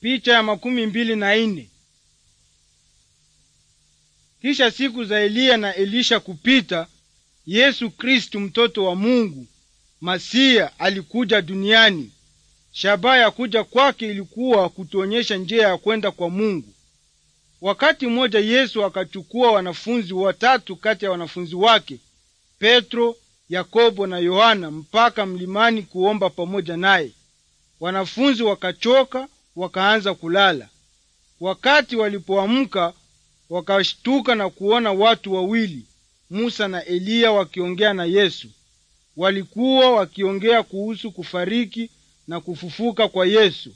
Picha ya makumi mbili na nne. Kisha siku za Eliya na Elisha kupita, Yesu Kristu mtoto wa Mungu Masiya alikuja duniani. Shabaha ya kuja kwake ilikuwa kutuonyesha njia ya kwenda kwa Mungu. Wakati mmoja Yesu akachukua wanafunzi watatu kati ya wanafunzi wake, Petro, Yakobo na Yohana mpaka mlimani kuomba pamoja naye. Wanafunzi wakachoka wakaanza kulala. Wakati walipoamka wakashtuka na kuona watu wawili, Musa na Eliya, wakiongea na Yesu. Walikuwa wakiongea kuhusu kufariki na kufufuka kwa Yesu.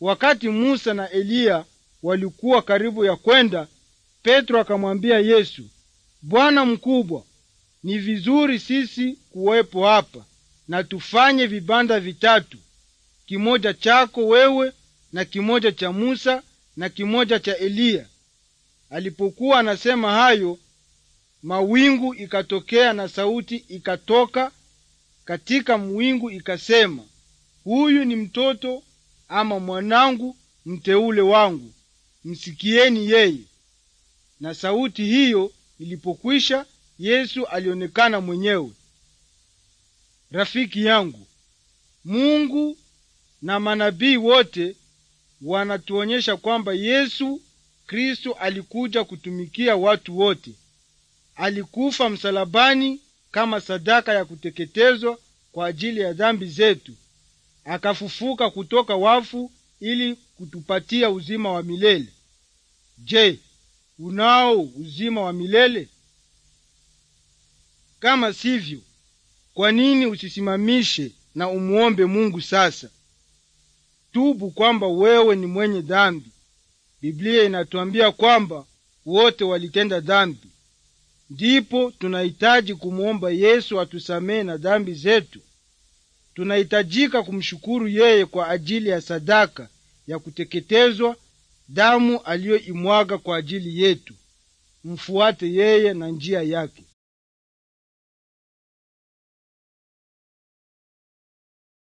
Wakati Musa na Eliya walikuwa karibu ya kwenda, Petro akamwambia Yesu, Bwana mkubwa, ni vizuri sisi kuwepo hapa na tufanye vibanda vitatu, kimoja chako wewe na kimoja cha Musa na kimoja cha Eliya. Alipokuwa anasema hayo, mawingu ikatokea na sauti ikatoka katika mwingu ikasema, huyu ni mtoto ama mwanangu mteule wangu, msikieni yeye. Na sauti hiyo ilipokwisha, Yesu alionekana mwenyewe. Rafiki yangu, Mungu na manabii wote wanatuonyesha kwamba Yesu Kristo alikuja kutumikia watu wote. Alikufa msalabani kama sadaka ya kuteketezwa kwa ajili ya dhambi zetu, akafufuka kutoka wafu ili kutupatia uzima wa milele. Je, unao uzima wa milele? Kama sivyo, kwa nini usisimamishe na umuombe Mungu sasa? tubu kwamba wewe ni mwenye dhambi. Biblia inatuambia kwamba wote walitenda dhambi, ndipo tunahitaji kumwomba Yesu atusamehe na dhambi zetu. Tunahitajika kumshukuru yeye kwa ajili ya sadaka ya kuteketezwa, damu aliyoimwaga kwa ajili yetu. Mfuate yeye na njia yake.